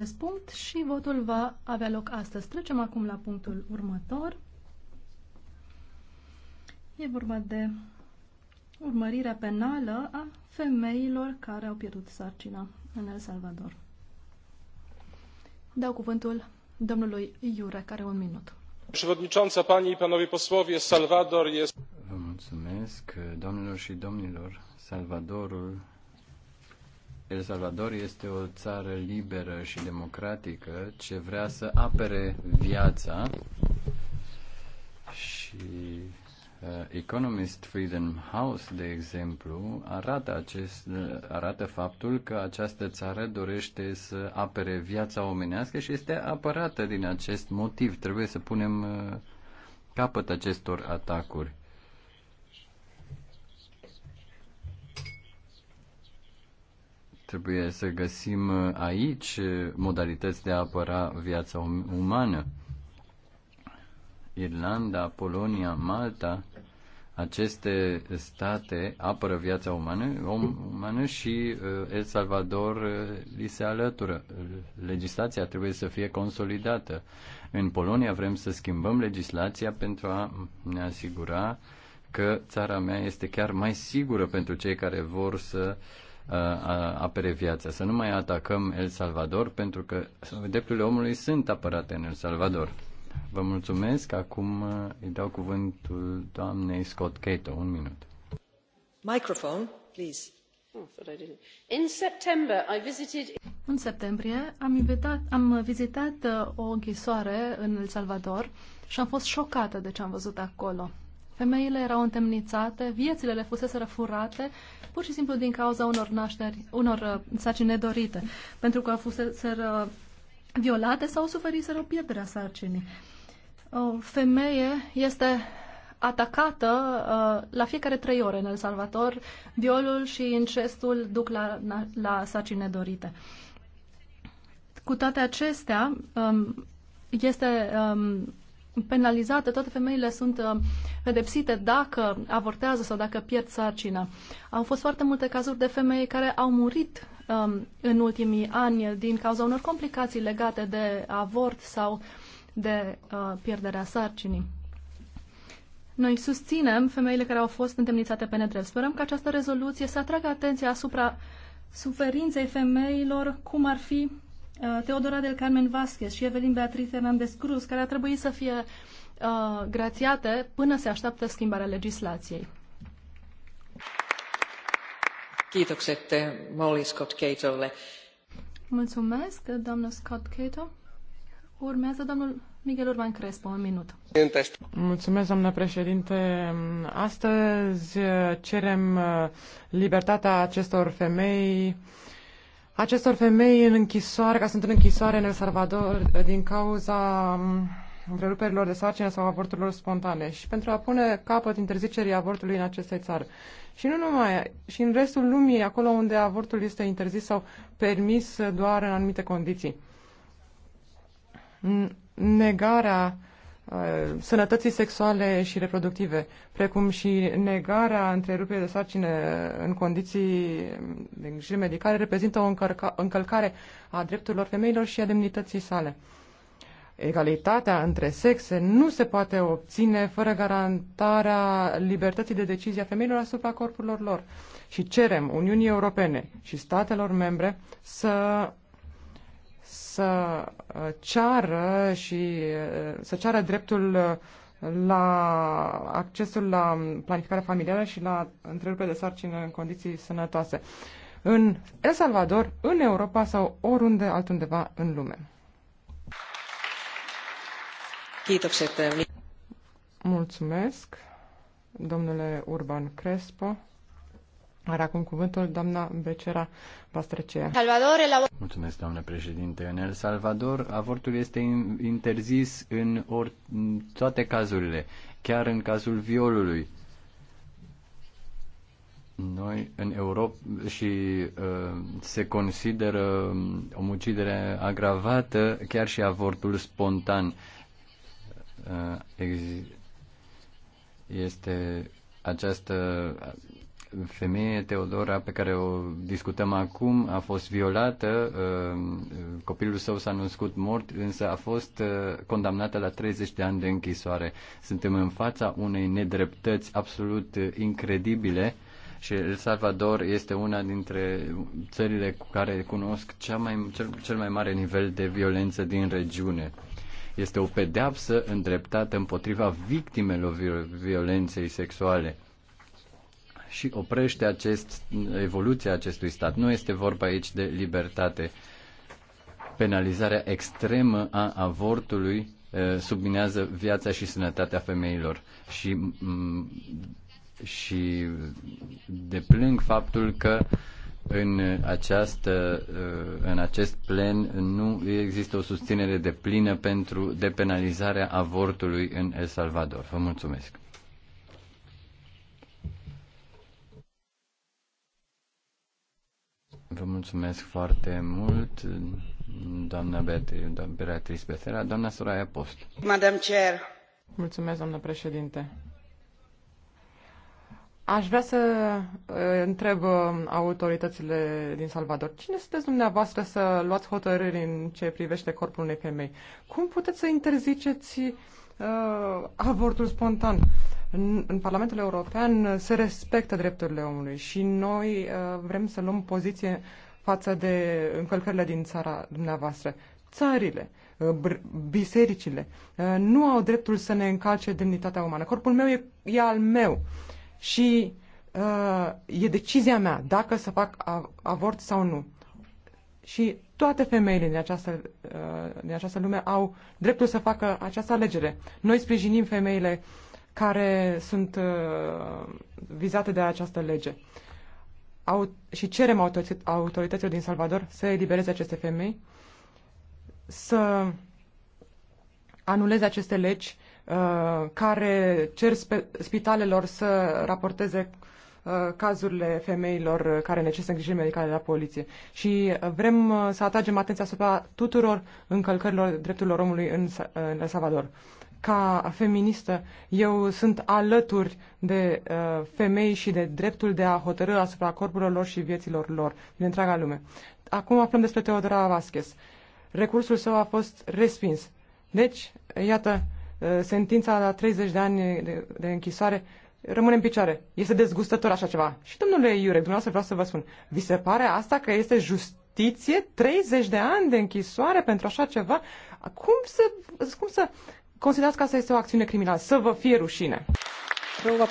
acest punct și votul va avea loc astăzi. Trecem acum la punctul următor. E vorba de urmărirea penală a femeilor care au pierdut sarcina în El Salvador. Dau cuvântul domnului Iure, care un minut. Przewodnicząca, panie i panowie posłowie, Salvador jest... Vă mulțumesc, domnilor și domnilor. Salvadorul el Salvador este o țară liberă și democratică ce vrea să apere viața și uh, Economist Freedom House, de exemplu, arată, acest, arată faptul că această țară dorește să apere viața omenească și este apărată din acest motiv. Trebuie să punem uh, capăt acestor atacuri. Trebuie să găsim uh, aici uh, modalități de a apăra viața um-, umană. Irlanda, Polonia, Malta, aceste state apără viața umană, om, umană și uh, El Salvador uh, li se alătură. Legislația trebuie să fie consolidată. În Polonia vrem să schimbăm legislația pentru a ne asigura că țara mea este chiar mai sigură pentru cei care vor să uh, apere viața, să nu mai atacăm El Salvador, pentru că drepturile omului sunt apărate în El Salvador. Vă mulțumesc. Acum uh, îi dau cuvântul doamnei Scott Cato. Un minut. Microphone, please. Oh, In September, I visited... În septembrie am, invitat, am vizitat uh, o închisoare în El Salvador și am fost șocată de ce am văzut acolo. Femeile erau întemnițate, viețile le fusese furate, pur și simplu din cauza unor nașteri, unor uh, sarcini nedorite, pentru că fuseseră violate sau suferiseră pierderea sarcinii. O femeie este atacată uh, la fiecare trei ore în El Salvator. Violul și incestul duc la, la, la sarcini nedorite. Cu toate acestea, um, este um, penalizate, toate femeile sunt uh, pedepsite dacă avortează sau dacă pierd sarcina. Au fost foarte multe cazuri de femei care au murit um, în ultimii ani din cauza unor complicații legate de avort sau de uh, pierderea sarcinii. Noi susținem femeile care au fost întemnițate pe nedrept. Sperăm că această rezoluție să atragă atenția asupra suferinței femeilor, cum ar fi Uh, Teodora del Carmen Vasquez și Evelyn Beatrice Mendes Cruz, care ar trebui să fie uh, grațiate până se așteaptă schimbarea legislației. Kiitokset eh, Molly Scott Catolle. Mulțumesc, doamnă Scott Cato. Urmează domnul Miguel Urban Crespo, un minut. Mulțumesc, doamnă președinte. Astăzi cerem uh, libertatea acestor femei uh, acestor femei în închisoare, ca sunt în închisoare în El Salvador eh, din cauza mm, întreruperilor de sarcină sau avorturilor spontane și pentru a pune capăt interzicerii avortului în aceste țară. Și nu numai, și în restul lumii, acolo unde avortul este interzis sau permis eh, doar în anumite condiții. Negarea Uh, sănătății sexuale și reproductive, precum și negarea întreruperii de sarcine în condiții de îngrijire medicale, reprezintă o încălcare a drepturilor femeilor și a demnității sale. Egalitatea între sexe nu se poate obține fără garantarea libertății de decizie a femeilor asupra corpurilor lor. Și cerem Uniunii Europene și statelor membre să să uh, ceară și uh, să ceară dreptul uh, la accesul la planificarea familială și la întrerupere de sarcină în condiții sănătoase în El Salvador, în Europa sau oriunde altundeva în lume. Mulțumesc, domnule Urban Crespo. Are acum cuvântul doamna Becera Pastrăcea. Salvador, elabor... Mulțumesc, doamnă președinte. În El Salvador, avortul este interzis în, or... în toate cazurile, chiar în cazul violului. Noi, în Europa, și uh, se consideră um, omucidere agravată chiar și avortul spontan. Uh, este această femeie, Teodora, pe care o discutăm acum, a fost violată, uh, copilul său s-a născut mort, însă a fost uh, condamnată la 30 de ani de închisoare. Suntem în fața unei nedreptăți absolut uh, incredibile și El Salvador este una dintre țările cu care cunosc cea mai, cel, cel mai mare nivel de violență din regiune este o pedeapsă îndreptată împotriva victimelor violenței sexuale și oprește acest, evoluția acestui stat. Nu este vorba aici de libertate. Penalizarea extremă a avortului subminează viața și sănătatea femeilor și, și deplâng faptul că în, această, în acest plen nu există o susținere de plină pentru depenalizarea avortului în El Salvador. Vă mulțumesc! Vă mulțumesc foarte mult, doamna Beatriz Becerra, doamna Soraya Post. Madam Chair. Mulțumesc, doamna președinte. Aș vrea să uh, întreb uh, autoritățile din Salvador, cine sunteți dumneavoastră să luați hotărâri în ce privește corpul unei femei? Cum puteți să interziceți uh, avortul spontan? în, în Parlamentul European se respectă drepturile omului și noi uh, vrem să luăm poziție față de încălcările din țara dumneavoastră. Țările, uh, bisericile, uh, nu au dreptul să ne încalce demnitatea umană. Corpul meu e, e al meu și uh, e decizia mea dacă să fac avort sau nu. Și toate femeile din această, uh, din această lume au dreptul să facă această alegere. Noi sprijinim femeile uh, care sunt uh, vizate de această lege. Au, și cerem autorităților din Salvador să elibereze aceste femei, să anuleze aceste legi uh, care cer spitalelor să raporteze uh, cazurile femeilor care necesită îngrijiri medicale la poliție. Și vrem uh, să atragem atenția asupra tuturor încălcărilor drepturilor omului în, în El Salvador ca feministă, eu sunt alături de uh, femei și de dreptul de a hotărâ asupra corpurilor lor și vieților lor din întreaga lume. Acum aflăm despre Teodora Vasquez. Recursul său a fost respins. Deci, iată, uh, sentința la 30 de ani de, de închisoare rămâne în picioare. Este dezgustător așa ceva. Și domnule Iurec, dumneavoastră vreau să vă spun, vi se pare asta că este justiție? 30 de ani de închisoare pentru așa ceva? Cum să, cum să Considerați că asta este o acțiune criminală. Să vă fie rușine.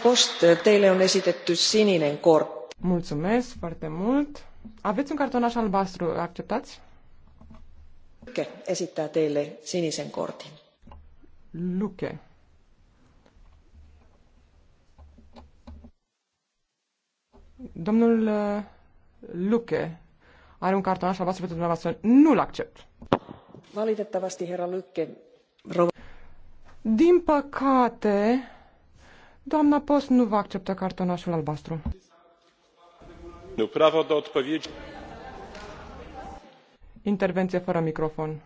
Post, eh, teile on esitetty sininen cort. Mulțumesc foarte mult. Aveți un cartonaș albastru, acceptați? Luke esittää teille sinisen kortin. Luke. Domnul eh, Luke are un cartonaș albastru pentru dumneavoastră. Nu-l accept. Valitettavasti, herra Luke, din păcate, doamna Post nu va accepta cartonașul albastru. Nu, prawo de odpowiedzi. Intervenție fără microfon.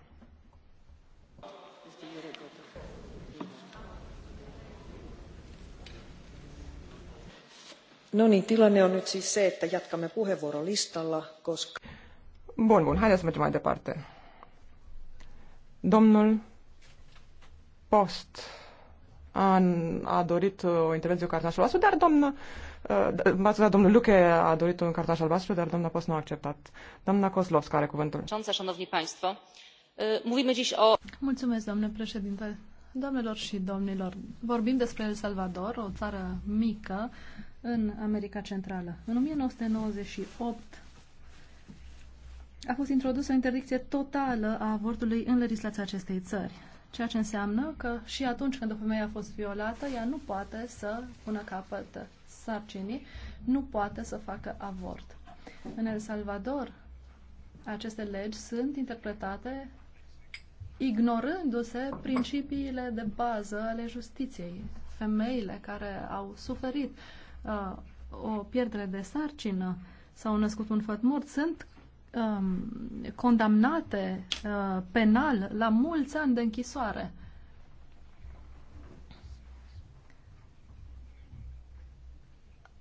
No niin, tilanne on nyt siis se, että jatkamme puheenvuorolistalla, koska... Bun, bun, haideți să mergem mai departe. Domnul Post a, a dorit uh, o intervenție cu cartonașul albastru, dar doamna, uh, da, domnul Luche a dorit un cartonaș albastru, dar doamna Post nu a acceptat. Doamna Kozlovska are cuvântul. Mulțumesc, domnule președinte. Doamnelor și domnilor, vorbim despre El Salvador, o țară mică în America Centrală. În 1998 a fost introdusă o interdicție totală a avortului în legislația acestei țări ceea ce înseamnă că și atunci când o femeie a fost violată, ea nu poate să pună capăt sarcinii, nu poate să facă avort. În El Salvador, aceste legi sunt interpretate ignorându-se principiile de bază ale justiției. Femeile care au suferit uh, o pierdere de sarcină sau născut un făt mort sunt um, condamnate uh, penal la mulți ani de închisoare.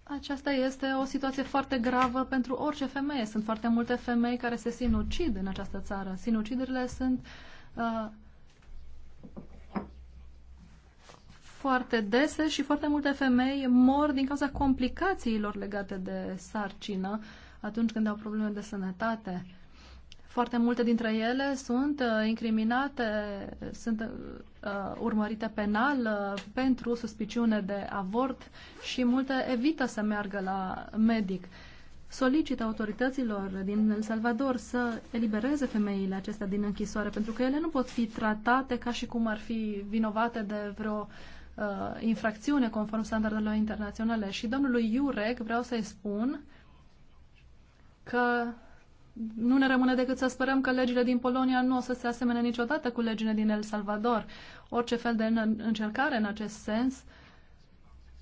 Aceasta este o situație foarte gravă pentru orice femeie. Sunt foarte multe femei care se sinucid în această țară. Sinuciderile sunt uh, foarte dese și foarte multe femei mor din cauza complicațiilor legate de sarcină. Uh, atunci când au probleme de sănătate. Foarte multe dintre ele sunt uh, incriminate, sunt uh, urmărite penal uh, pentru suspiciune de avort și multe evită să meargă la medic. Solicită autorităților din El Salvador să elibereze femeile acestea din închisoare, pentru că ele nu pot fi tratate ca și cum ar fi vinovate de vreo uh, infracțiune conform standardelor internaționale. Și domnului Iurec vreau să-i spun uh, că nu ne rămâne decât să sperăm că legile din Polonia nu o să se asemene niciodată cu legile din El Salvador. Orice fel de încercare în acest sens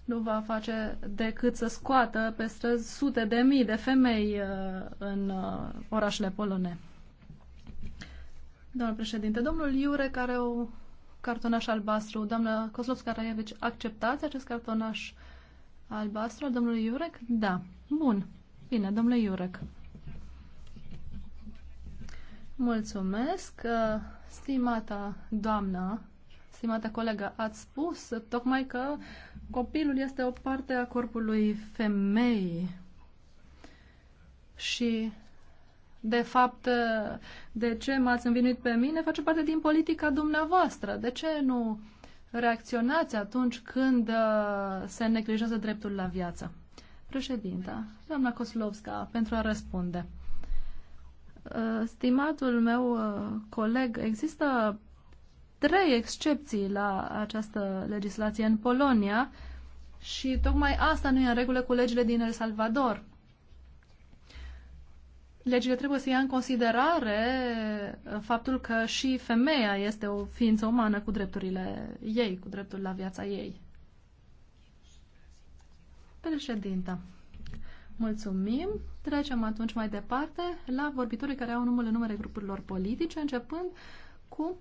nu va face decât să scoată pe străzi sute de mii de femei uh, în uh, orașele polone. Domnul președinte, domnul Iure, care o cartonaș albastru, doamna Kozlovska Raievici, acceptați acest cartonaș albastru al domnului Iurec? Da. Bun. Bine, domnule Iurec. Mulțumesc, uh, stimata doamnă, stimata colegă, ați spus tocmai că copilul este o parte a corpului femeii și de fapt, uh, de ce m-ați învinuit pe mine face parte din politica dumneavoastră. De ce nu reacționați atunci când uh, se neglijează dreptul la viață? Președinta, doamna Koslovska, pentru a răspunde. Uh, stimatul meu uh, coleg, există trei excepții la această legislație în Polonia și tocmai asta nu e în regulă cu legile din El Salvador. Legile trebuie să ia în considerare uh, faptul că și femeia este o ființă umană cu drepturile ei, cu dreptul la viața ei. Președinta, Mulțumim. Trecem atunci mai departe la vorbitorii care au numele numele grupurilor politice, începând cu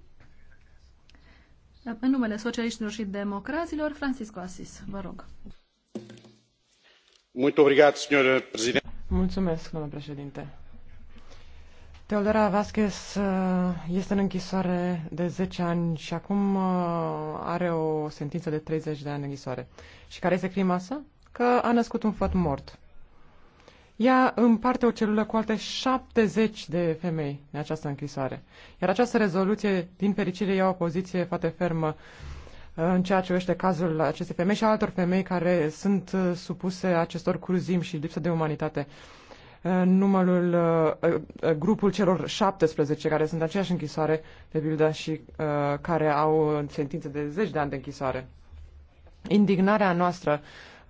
în numele socialiștilor și democraților, Francisco Assis, vă rog. Mulțumesc, domnule președinte. Teodora Vasquez uh, este în închisoare de 10 ani și acum uh, are o sentință de 30 de ani în închisoare. Și care este crima sa? Că a născut un făt mort. Ea împarte o celulă cu alte 70 de femei în această închisoare. Iar această rezoluție, din fericire, ia o poziție foarte fermă uh, în ceea ce vește cazul acestei femei și a altor femei care sunt uh, supuse acestor cruzim și lipsă de umanitate. Uh, numărul, grupul celor 17 care sunt aceeași închisoare, de pildă, și care au sentințe de zeci de ani de închisoare. Indignarea noastră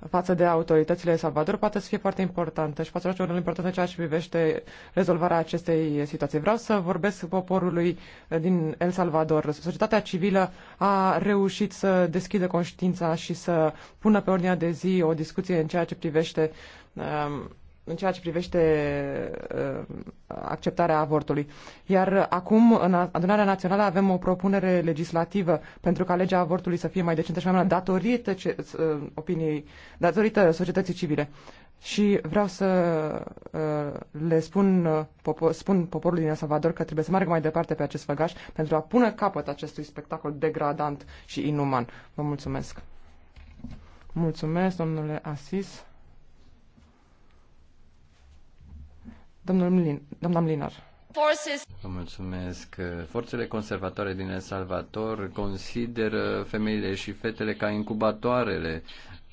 față de autoritățile El Salvador poate să fie foarte importantă și poate să joace un rol important în ceea ce privește rezolvarea acestei situații. Vreau să vorbesc poporului din El Salvador. Societatea civilă a reușit să deschidă conștiința și să pună pe ordinea de zi o discuție în ceea ce privește um, în ceea ce privește uh, acceptarea avortului. Iar acum, în adunarea națională, avem o propunere legislativă pentru ca legea avortului să fie mai decentă și mai mare, datorită ce, uh, opiniei, datorită societății civile. Și vreau să uh, le spun, popor, spun poporului din El Salvador că trebuie să meargă mai departe pe acest făgaș pentru a pune capăt acestui spectacol degradant și inuman. Vă mulțumesc! Mulțumesc, domnule Asis. Domnul Mlin, doamna Mlinar. Vă mulțumesc. Forțele conservatoare din El Salvador consideră femeile și fetele ca incubatoarele,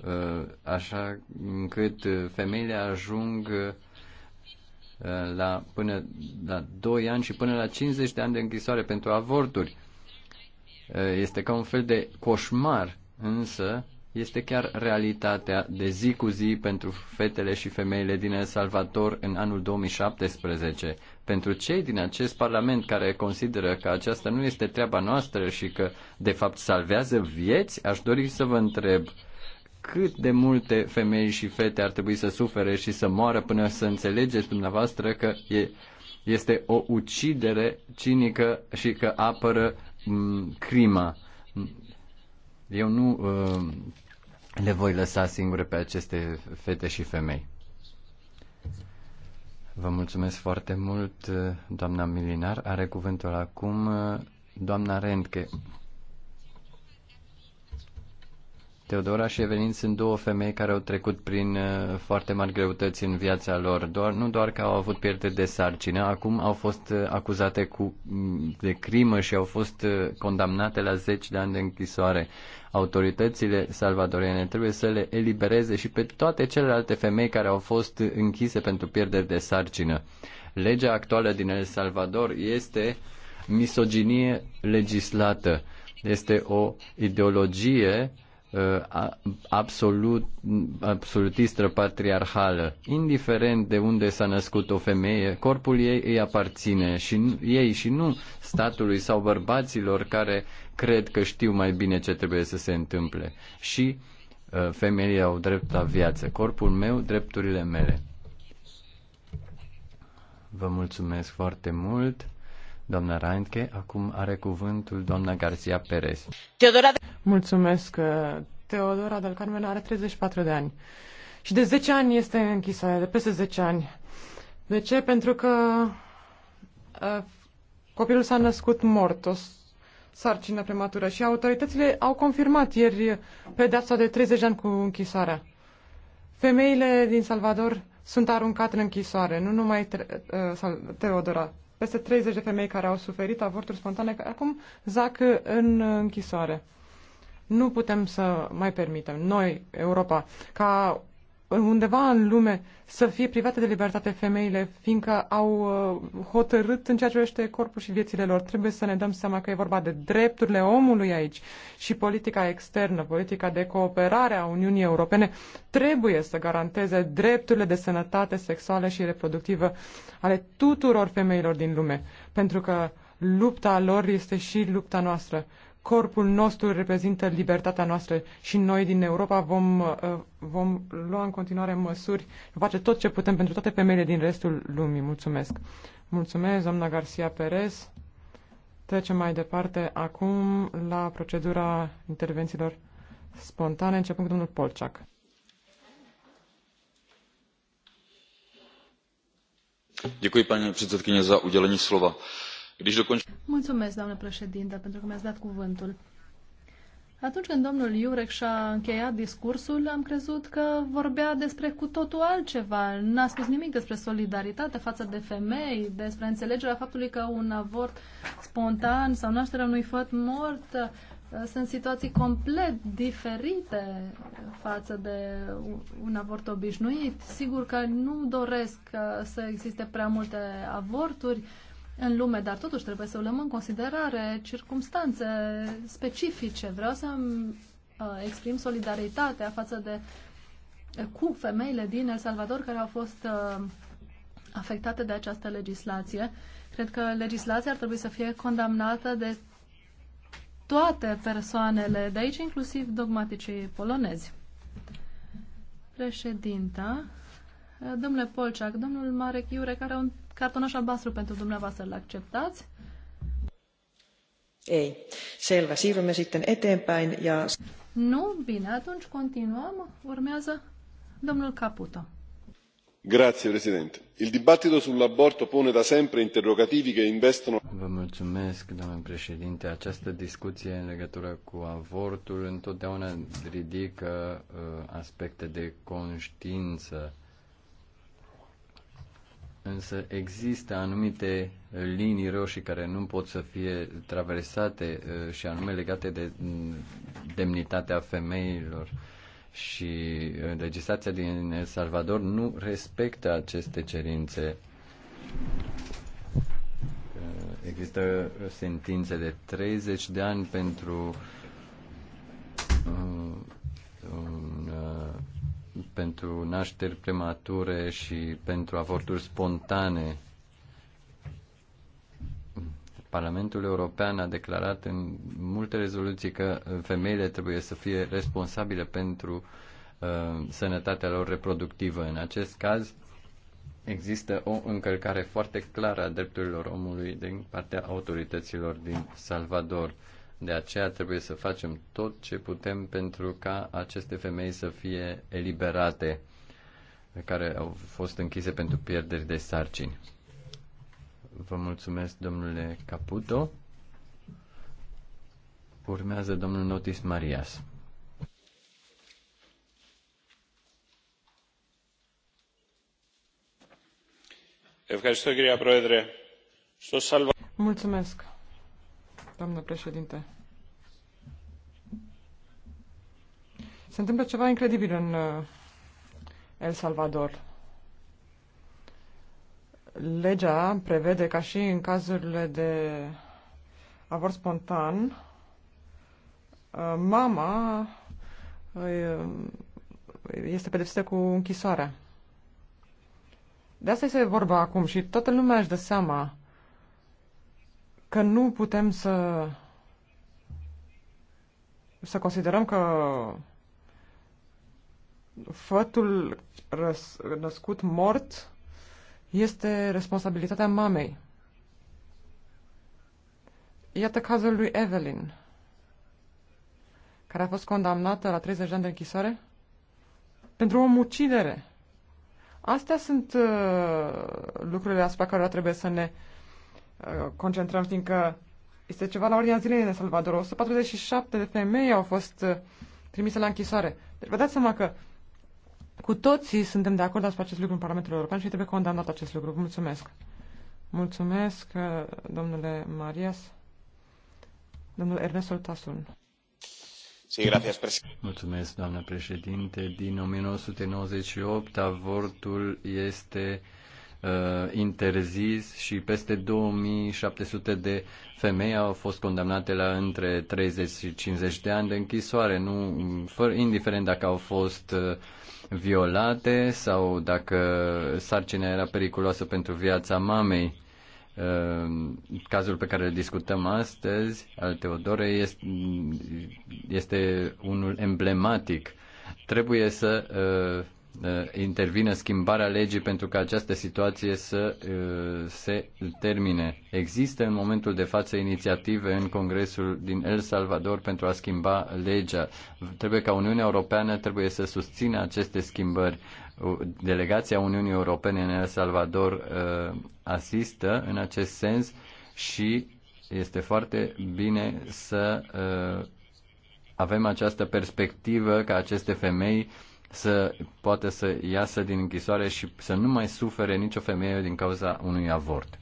uh, așa încât femeile ajung uh, la până la 2 ani și până la 50 de ani de închisoare pentru avorturi. Uh, este ca un fel de coșmar, însă este chiar realitatea de zi cu zi pentru fetele și femeile din El Salvador în anul 2017. Pentru cei din acest parlament care consideră că aceasta nu este treaba noastră și că, de fapt, salvează vieți, aș dori să vă întreb cât de multe femei și fete ar trebui să sufere și să moară până să înțelegeți dumneavoastră că e, este o ucidere cinică și că apără m, crima eu nu uh, le voi lăsa singure pe aceste fete și femei. Vă mulțumesc foarte mult, uh, doamna Milinar. Are cuvântul acum uh, doamna Rentke. Teodora și Evelin sunt două femei care au trecut prin uh, foarte mari greutăți în viața lor, doar, nu doar că au avut pierderi de sarcină, acum au fost uh, acuzate cu, de crimă și au fost uh, condamnate la 10 de ani de închisoare. Autoritățile salvadoriene trebuie să le elibereze și pe toate celelalte femei care au fost închise pentru pierderi de sarcină. Legea actuală din El Salvador este misoginie legislată este o ideologie Uh, absolut, absolutistă patriarhală. Indiferent de unde s-a născut o femeie, corpul ei îi aparține și ei și nu statului sau bărbaților care cred că știu mai bine ce trebuie să se întâmple. Și uh, femeile au drept la viață. Corpul meu, drepturile mele. Vă mulțumesc foarte mult. Doamna Reintke, acum are cuvântul doamna Garcia Perez. Teodora... Mulțumesc. Uh, Teodora del Carmen are 34 de ani. Și de 10 ani este închisă, de peste 10 ani. De ce? Pentru că uh, copilul s-a născut mort, o sarcină prematură. Și autoritățile au confirmat ieri pedeapsa de 30 de ani cu închisoarea. Femeile din Salvador sunt aruncate în închisoare, nu numai uh, Teodora peste 30 de femei care au suferit avorturi spontane, care acum zac în închisoare. Nu putem să mai permitem, noi, Europa, ca undeva în lume să fie private de libertate femeile, fiindcă au uh, hotărât în ceea ce privește corpul și viețile lor. Trebuie să ne dăm seama că e vorba de drepturile omului aici și politica externă, politica de cooperare a Uniunii Europene trebuie să garanteze drepturile de sănătate sexuală și reproductivă ale tuturor femeilor din lume, pentru că lupta lor este și lupta noastră corpul nostru reprezintă libertatea noastră și noi din Europa vom, uh, vom lua în continuare măsuri, vom face tot ce putem pentru toate femeile din restul lumii. Mulțumesc! Mulțumesc, doamna Garcia Perez. Trecem mai departe acum la procedura intervențiilor spontane, începând cu domnul Polciac. Děkuji, paní předsedkyně, za udělení slova deci, Mulțumesc, doamnă președinte, pentru că mi-ați dat cuvântul. Atunci când domnul Iurec și-a încheiat discursul, am crezut că vorbea despre cu totul altceva. N-a spus nimic despre solidaritate față de femei, despre înțelegerea faptului că un avort spontan sau nașterea unui făt mort uh, sunt situații complet diferite față de un avort obișnuit. Sigur că nu doresc uh, să existe prea multe avorturi, în lume, dar totuși trebuie să luăm în considerare circumstanțe specifice. Vreau să uh, exprim solidaritatea față de uh, cu femeile din El Salvador care au fost uh, afectate de această legislație. Cred că legislația ar trebui să fie condamnată de toate persoanele de aici, inclusiv dogmaticii polonezi. Președinta, domnule Polciac, domnul Marek Iure, care un Cartonaș albastru pentru dumneavoastră, îl acceptați? Ei. Selva. Siirrymme sitten eteenpäin ja... Nu, bine, atunci continuăm. Urmează domnul Caputo. Grazie, Presidente. Il dibattito sull'aborto pone da sempre interrogativi che investono... Vă mulțumesc, domnul președinte. Această discuție în legătură cu avortul întotdeauna ridică uh, aspecte de conștiință Însă există anumite uh, linii roșii care nu pot să fie traversate uh, și anume legate de mm, demnitatea femeilor. Și uh, legislația din El Salvador nu respectă aceste cerințe. Există sentințe de 30 de ani pentru pentru nașteri premature și pentru avorturi spontane. Parlamentul European a declarat în multe rezoluții că femeile trebuie să fie responsabile pentru uh, sănătatea lor reproductivă. În acest caz, există o încălcare foarte clară a drepturilor omului din partea autorităților din Salvador. Uh, de aceea trebuie să facem tot ce putem pentru ca aceste femei să fie eliberate, care au fost închise pentru pierderi de sarcini. Vă mulțumesc, domnule Caputo. Urmează domnul Notis Marias. Mulțumesc doamnă președinte. Se întâmplă ceva incredibil în uh, El Salvador. Legea prevede ca și în cazurile de avort spontan, uh, mama uh, este pedepsită cu închisoarea. De asta este vorba acum și toată lumea își dă seama că nu putem să să considerăm că fătul răs, născut mort este responsabilitatea mamei. Iată cazul lui Evelyn, care a fost condamnată la 30 de ani de închisoare pentru o mucidere. Astea sunt uh, lucrurile asupra care trebuie să ne uh, Uh, concentrăm, fiindcă că este ceva la ordinea zilei în Salvador. 147 de femei au fost uh, trimise la închisoare. Deci vă dați seama că cu toții suntem de acord asupra acest lucru în Parlamentul European și trebuie condamnat acest lucru. Mulțumesc. Mulțumesc, uh, domnule Marias. Domnul Ernesto Tasun. Mulțumesc, doamnă președinte. Din 1998, avortul este Uh, interzis și peste 2700 de femei au fost condamnate la între 30 și 50 de ani de închisoare, nu, fără, indiferent dacă au fost uh, violate sau dacă sarcina era periculoasă pentru viața mamei uh, cazul pe care îl discutăm astăzi, al Teodorei, este, este unul emblematic. Trebuie să Uh, intervine schimbarea legii pentru ca această situație să uh, se termine. Există în momentul de față inițiative în Congresul din El Salvador pentru a schimba legea. Trebuie ca Uniunea Europeană trebuie să susțină aceste schimbări. Delegația Uniunii Europene în El Salvador uh, asistă în acest sens și este foarte bine să avem această perspectivă ca aceste femei să poată să iasă din închisoare și să nu mai sufere nicio femeie din cauza unui avort.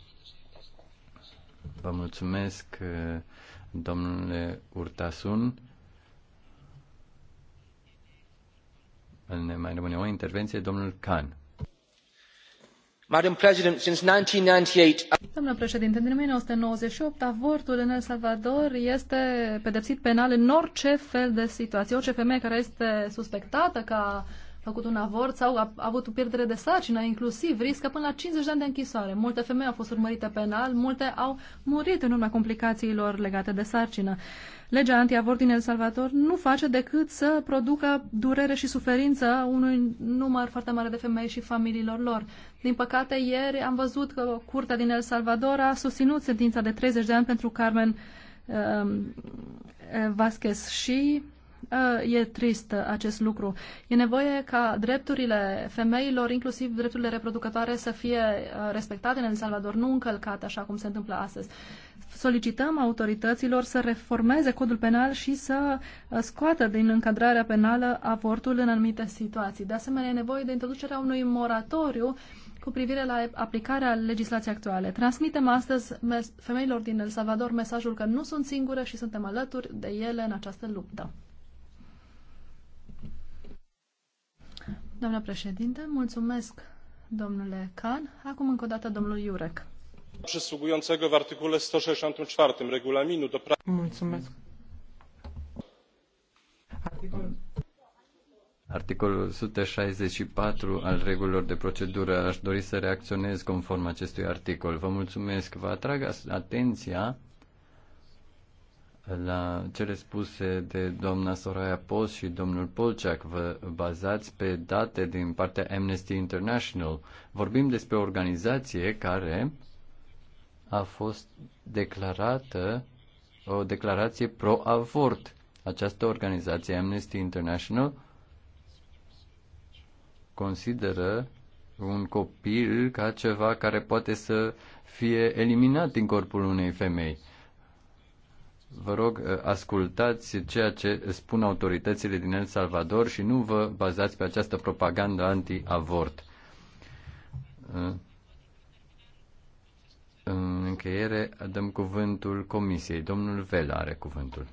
Vă mulțumesc, domnule Urtasun. Ne mai rămâne o intervenție, domnul Can. Uh, Domnule președinte, din opt avortul în El Salvador este pedepsit penal în orice fel de situație. Orice femeie care este suspectată că a făcut un avort sau a, avut o pierdere de sarcină, inclusiv riscă până la 50 de ani de închisoare. Multe femei au fost urmărite penal, multe au murit în urma complicațiilor legate de sarcină. Legea antiavort din El Salvador nu face decât să producă durere și suferință unui număr foarte mare de femei și familiilor lor. Din păcate, ieri am văzut că curtea din El Salvador a susținut sentința de 30 de ani pentru Carmen um, Vasquez și e trist acest lucru. E nevoie ca drepturile femeilor, inclusiv drepturile reproducătoare, să fie respectate în El Salvador, nu încălcate așa cum se întâmplă astăzi. Solicităm autorităților să reformeze codul penal și să scoată din încadrarea penală avortul în anumite situații. De asemenea, e nevoie de introducerea unui moratoriu cu privire la aplicarea legislației actuale. Transmitem astăzi femeilor din El Salvador mesajul că nu sunt singure și suntem alături de ele în această luptă. Doamna președinte, mulțumesc, domnule Can. Acum încă o dată domnul Iurec. Przysługującego w artykule 164 regulaminu do pra... Mulțumesc. Articolul Articolul 164 al regulilor de procedură. Aș dori să reacționez conform acestui articol. Vă mulțumesc. Vă atrag atenția la cele spuse de doamna Soraya Post și domnul Polceac, Vă bazați pe date din partea Amnesty International. Vorbim despre o organizație care a fost declarată o declarație pro-avort. Această organizație, Amnesty International, consideră un copil ca ceva care poate să fie eliminat din corpul unei femei Vă rog, uh, ascultați ceea ce spun autoritățile din El Salvador și nu vă bazați pe această propagandă anti-avort. Uh, în încheiere, dăm cuvântul Comisiei. Domnul Vela are cuvântul.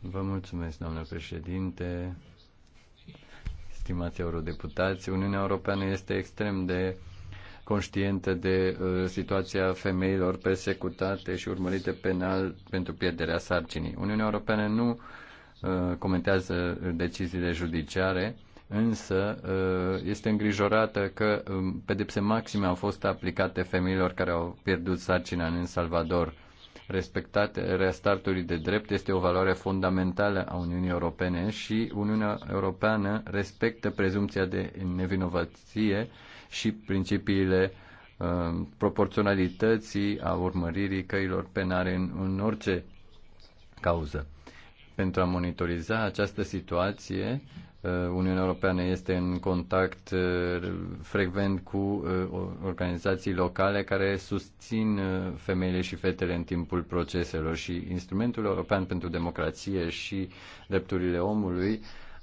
Vă mulțumesc, doamnă președinte, stimați eurodeputați. Uniunea Europeană este extrem de conștientă de uh, situația femeilor persecutate și urmărite penal pentru pierderea sarcinii. Uniunea Europeană nu uh, comentează deciziile judiciare, însă uh, este îngrijorată că um, pedepse maxime au fost aplicate femeilor care au pierdut sarcina în El Salvador. Respectarea restarturii de drept este o valoare fundamentală a Uniunii Europene și Uniunea Europeană respectă prezumția de nevinovăție și principiile uh, proporționalității a urmăririi căilor penale în, în orice cauză. Pentru a monitoriza această situație, uh, Uniunea Europeană este în contact uh, frecvent cu organizații locale care susțin femeile și fetele în timpul proceselor și instrumentul european pentru democrație și drepturile omului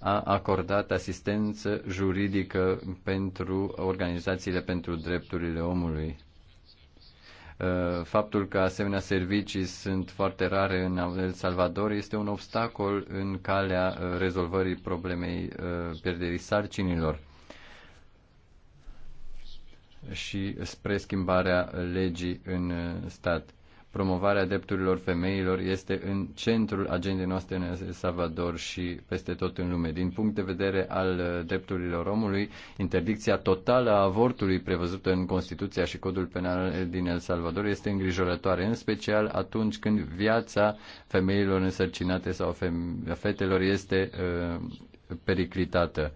a acordat asistență juridică pentru organizațiile pentru drepturile omului. Uh, faptul că asemenea servicii sunt foarte rare în El Salvador este un obstacol în calea uh, rezolvării problemei uh, pierderii sarcinilor și spre schimbarea legii în stat promovarea drepturilor femeilor este în centrul agendei noastre în El Salvador și peste tot în lume. Din punct de vedere al uh, drepturilor omului, interdicția totală a avortului prevăzută în Constituția și Codul Penal din El Salvador este îngrijorătoare, în special atunci când viața femeilor însărcinate sau fetelor este uh, periclitată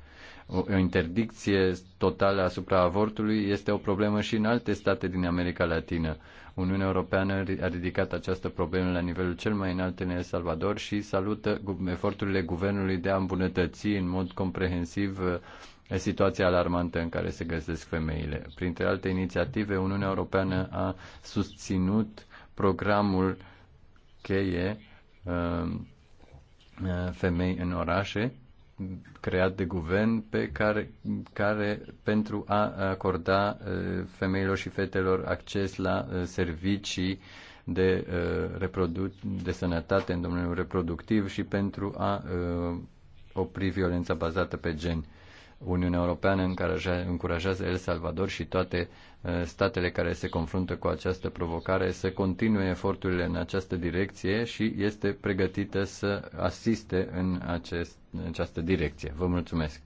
o interdicție totală asupra avortului este o problemă și în alte state din America Latină. Uniunea Europeană a ridicat această problemă la nivelul cel mai înalt în El Salvador și salută eforturile guvernului de a îmbunătăți în mod comprehensiv uh, situația alarmantă în care se găsesc femeile. Printre alte inițiative, Uniunea Europeană a susținut programul cheie uh, uh, femei în orașe creat de guvern pe care, care pentru a acorda uh, femeilor și fetelor acces la uh, servicii de, uh, reprodu- de sănătate în domeniul reproductiv și pentru a opri violența bazată pe gen. Uniunea Europeană încurajează El Salvador și toate uh, statele care se confruntă cu această provocare să continue eforturile în această direcție și este pregătită să asiste în, acest, în această direcție. Vă mulțumesc!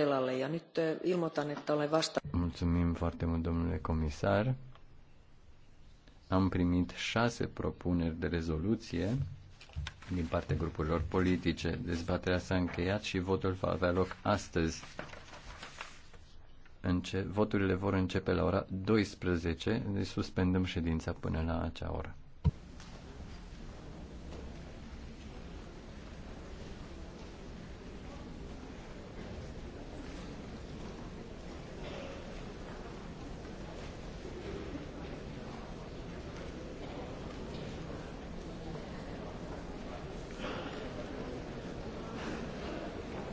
Eh, vasta... Mulțumim foarte mult, domnule comisar. Am primit șase propuneri de rezoluție din partea grupurilor politice. Dezbaterea s-a încheiat și votul va avea loc astăzi. Înce- voturile vor începe la ora 12, deci suspendăm ședința până la acea oră.